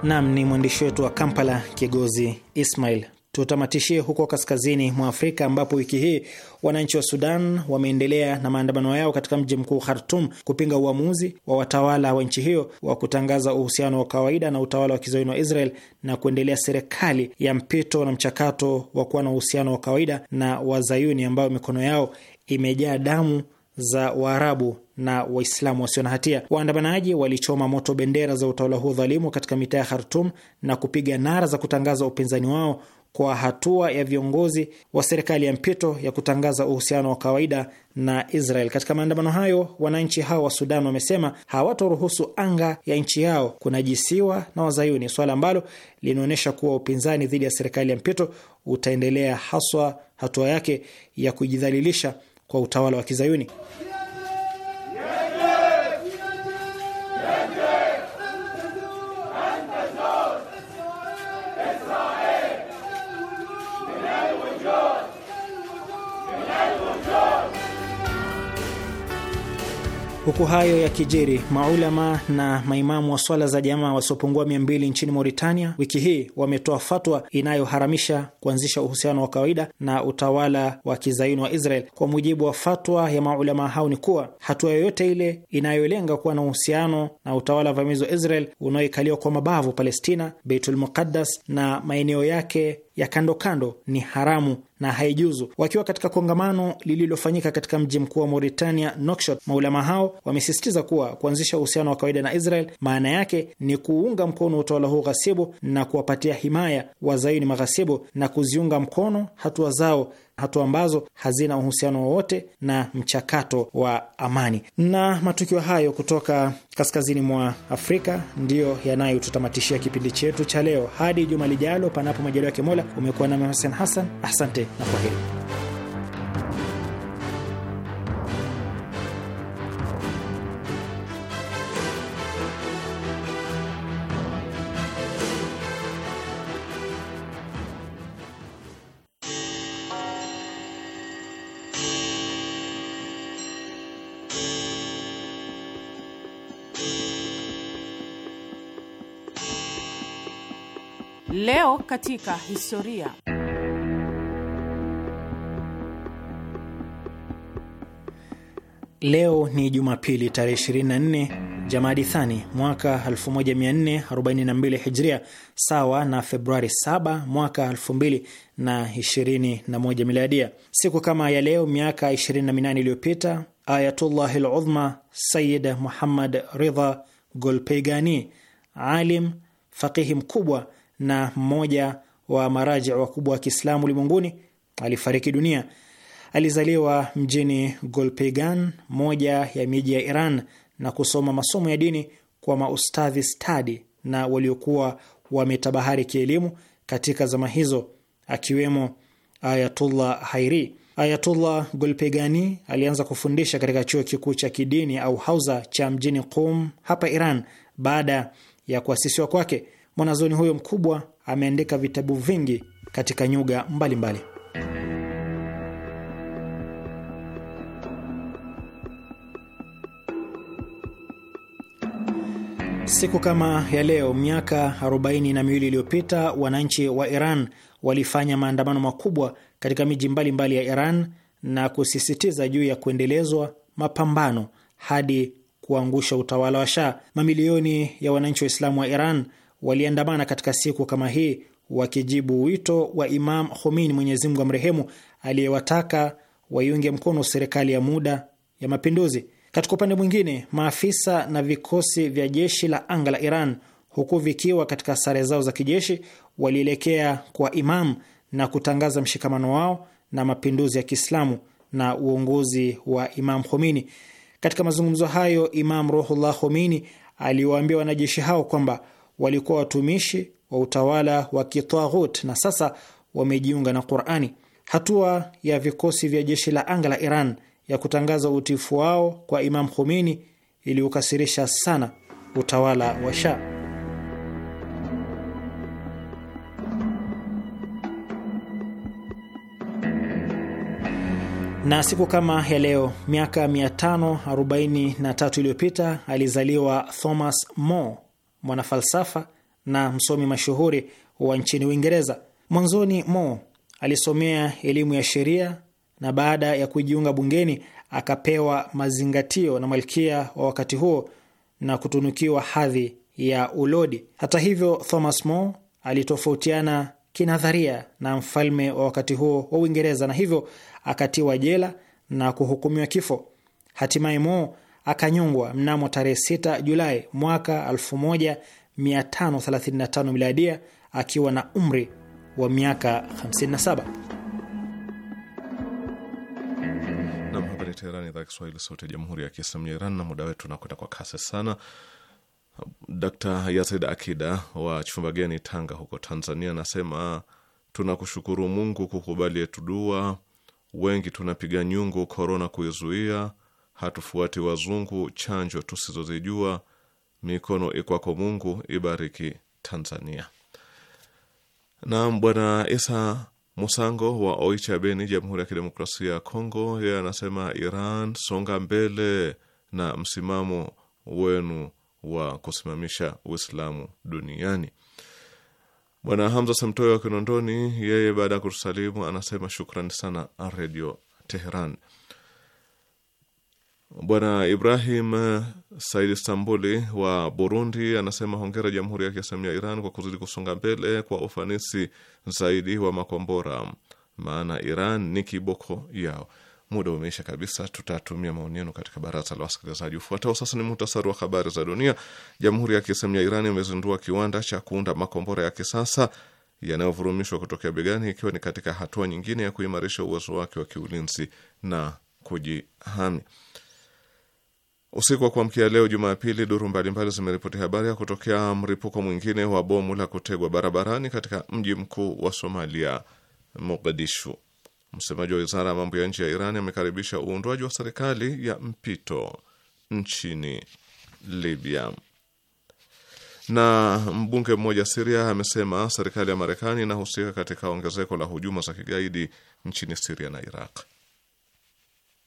Nam ni mwandishi wetu wa Kampala, Kigozi Ismail. Tutamatishie huko kaskazini mwa Afrika ambapo wiki hii wananchi wa Sudan wameendelea na maandamano yao katika mji mkuu Khartum kupinga uamuzi wa watawala wa nchi hiyo wa kutangaza uhusiano wa kawaida na utawala wa kizayuni wa Israel na kuendelea serikali ya mpito na mchakato wa kuwa na uhusiano wa kawaida na wazayuni ambayo mikono yao imejaa damu za Waarabu na Waislamu wasio na hatia. Waandamanaji walichoma moto bendera za utawala huo dhalimu katika mitaa ya Khartum na kupiga nara za kutangaza upinzani wao kwa hatua ya viongozi wa serikali ya mpito ya kutangaza uhusiano wa kawaida na Israel. Katika maandamano hayo, wananchi hao wa Sudan wamesema hawatoruhusu anga ya nchi yao kunajisiwa na Wazayuni, suala ambalo linaonyesha kuwa upinzani dhidi ya serikali ya mpito utaendelea, haswa hatua yake ya kujidhalilisha kwa utawala wa Kizayuni. Huku hayo ya kijiri, maulama na maimamu wa swala za jamaa wasiopungua 200 nchini Mauritania wiki hii wametoa fatwa inayoharamisha kuanzisha uhusiano wa kawaida na utawala wa kizaini wa Israel. Kwa mujibu wa fatwa ya maulama hao, ni kuwa hatua yoyote ile inayolenga kuwa na uhusiano na utawala vamizi wa Israel unaoikaliwa kwa mabavu Palestina, Beitul Muqaddas na maeneo yake ya kando kando ni haramu na haijuzu. Wakiwa katika kongamano lililofanyika katika mji mkuu wa Mauritania, Nouakchott, maulama hao wamesisitiza kuwa kuanzisha uhusiano wa kawaida na Israel maana yake ni kuunga mkono utawala huo ghasibu na kuwapatia himaya wazayuni maghasibu na kuziunga mkono hatua zao hatua ambazo hazina uhusiano wowote na mchakato wa amani. Na matukio hayo kutoka kaskazini mwa Afrika ndiyo yanayotutamatishia kipindi chetu cha leo. Hadi juma lijalo, panapo majaliwa ya Mola. Umekuwa nami Hussein Hassan, asante na kwaheri. Leo katika historia. Leo ni Jumapili tarehe 24 Jamadi Thani mwaka 1442 Hijria, sawa na Februari 7 mwaka 2021 Miladia. Siku kama ya leo miaka 28 iliyopita, Ayatullah ludhma Sayid Muhammad Ridha Golpegani, alim faqihi mkubwa na mmoja wa maraji wakubwa wa Kiislamu ulimwenguni alifariki dunia. Alizaliwa mjini Golpegan, moja ya miji ya Iran, na kusoma masomo ya dini kwa maustadhi stadi na waliokuwa wametabahari kielimu katika zama hizo, akiwemo Ayatullah Hairi. Ayatullah Golpegani alianza kufundisha katika chuo kikuu cha kidini au hauza cha mjini Qum hapa Iran baada ya kuasisiwa kwake. Mwanazoni huyo mkubwa ameandika vitabu vingi katika nyuga mbalimbali. Siku kama ya leo miaka arobaini na miwili iliyopita wananchi wa Iran walifanya maandamano makubwa katika miji mbalimbali ya Iran na kusisitiza juu ya kuendelezwa mapambano hadi kuangusha utawala wa Shah. Mamilioni ya wananchi Waislamu wa Iran waliandamana katika siku kama hii wakijibu wito wa Imam Khomeini, Mwenyezi Mungu amrehemu, aliyewataka waiunge mkono serikali ya muda ya mapinduzi. Katika upande mwingine, maafisa na vikosi vya jeshi la anga la Iran, huku vikiwa katika sare zao za kijeshi, walielekea kwa Imam na kutangaza mshikamano wao na mapinduzi ya Kiislamu na uongozi wa Imam Khomeini. Katika mazungumzo hayo, Imam Ruhullah Khomeini aliwaambia wanajeshi hao kwamba walikuwa watumishi wa utawala wa kitwaghut na sasa wamejiunga na Qurani. Hatua ya vikosi vya jeshi la anga la Iran ya kutangaza utifu wao kwa Imam Khomeini iliukasirisha sana utawala wa Shah. na siku kama ya leo miaka 543 iliyopita alizaliwa Thomas More, mwanafalsafa na msomi mashuhuri wa nchini Uingereza. Mwanzoni Mo alisomea elimu ya sheria na baada ya kujiunga bungeni akapewa mazingatio na malkia wa wakati huo na kutunukiwa hadhi ya ulodi. Hata hivyo, Thomas More alitofautiana kinadharia na mfalme wa wakati huo wa Uingereza na hivyo akatiwa jela na kuhukumiwa kifo. Hatimaye More akanyongwa mnamo tarehe 6 Julai mwaka 1535 miladia akiwa na umri wa miaka 57. Nam, hapa ni Teherani, idhaa Kiswahili, sauti ya jamhuri ya kiislamu ya Iran, na muda wetu unakwenda kwa kasi sana. Dr Yazid Akida wa Chumbageni, Tanga huko Tanzania, anasema tunakushukuru Mungu kukubali yetu dua, wengi tunapiga nyungu korona kuizuia hatufuati wazungu, chanjo tusizozijua, mikono ikwako Mungu, ibariki Tanzania. Naam, Bwana Isa Musango wa Oicha Beni, Jamhuri ya Kidemokrasia ya Kongo, yeye anasema Iran, songa mbele na msimamo wenu wa kusimamisha Uislamu duniani. Bwana Hamza Semtoyo wa Kinondoni, yeye baada ya kutusalimu anasema shukrani sana Radio Teheran. Bwana Ibrahim Said Stambuli wa Burundi anasema hongera Jamhuri ya Kiislamu ya Iran kwa kuzidi kusonga mbele kwa ufanisi zaidi wa makombora, maana Iran ni kiboko yao. Muda umeisha kabisa, tutatumia maoni yenu katika baraza la wasikilizaji. Ufuatao sasa ni muhtasari wa habari za dunia. Jamhuri ya Kiislamu ya Iran imezindua kiwanda cha kuunda makombora ya kisasa yanayovurumishwa kutokea begani, ikiwa ni katika hatua nyingine ya kuimarisha uwezo wake wa kiulinzi na kujihami. Usiku wa kuamkia leo Jumapili, duru mbalimbali zimeripoti habari ya kutokea mripuko mwingine wa bomu la kutegwa barabarani katika mji mkuu wa Somalia, Mogadishu. Msemaji wa wizara ya mambo ya nje ya Iran amekaribisha uundwaji wa serikali ya mpito nchini Libya. Na mbunge mmoja Siria amesema serikali ya Marekani inahusika katika ongezeko la hujuma za kigaidi nchini Siria na Iraq.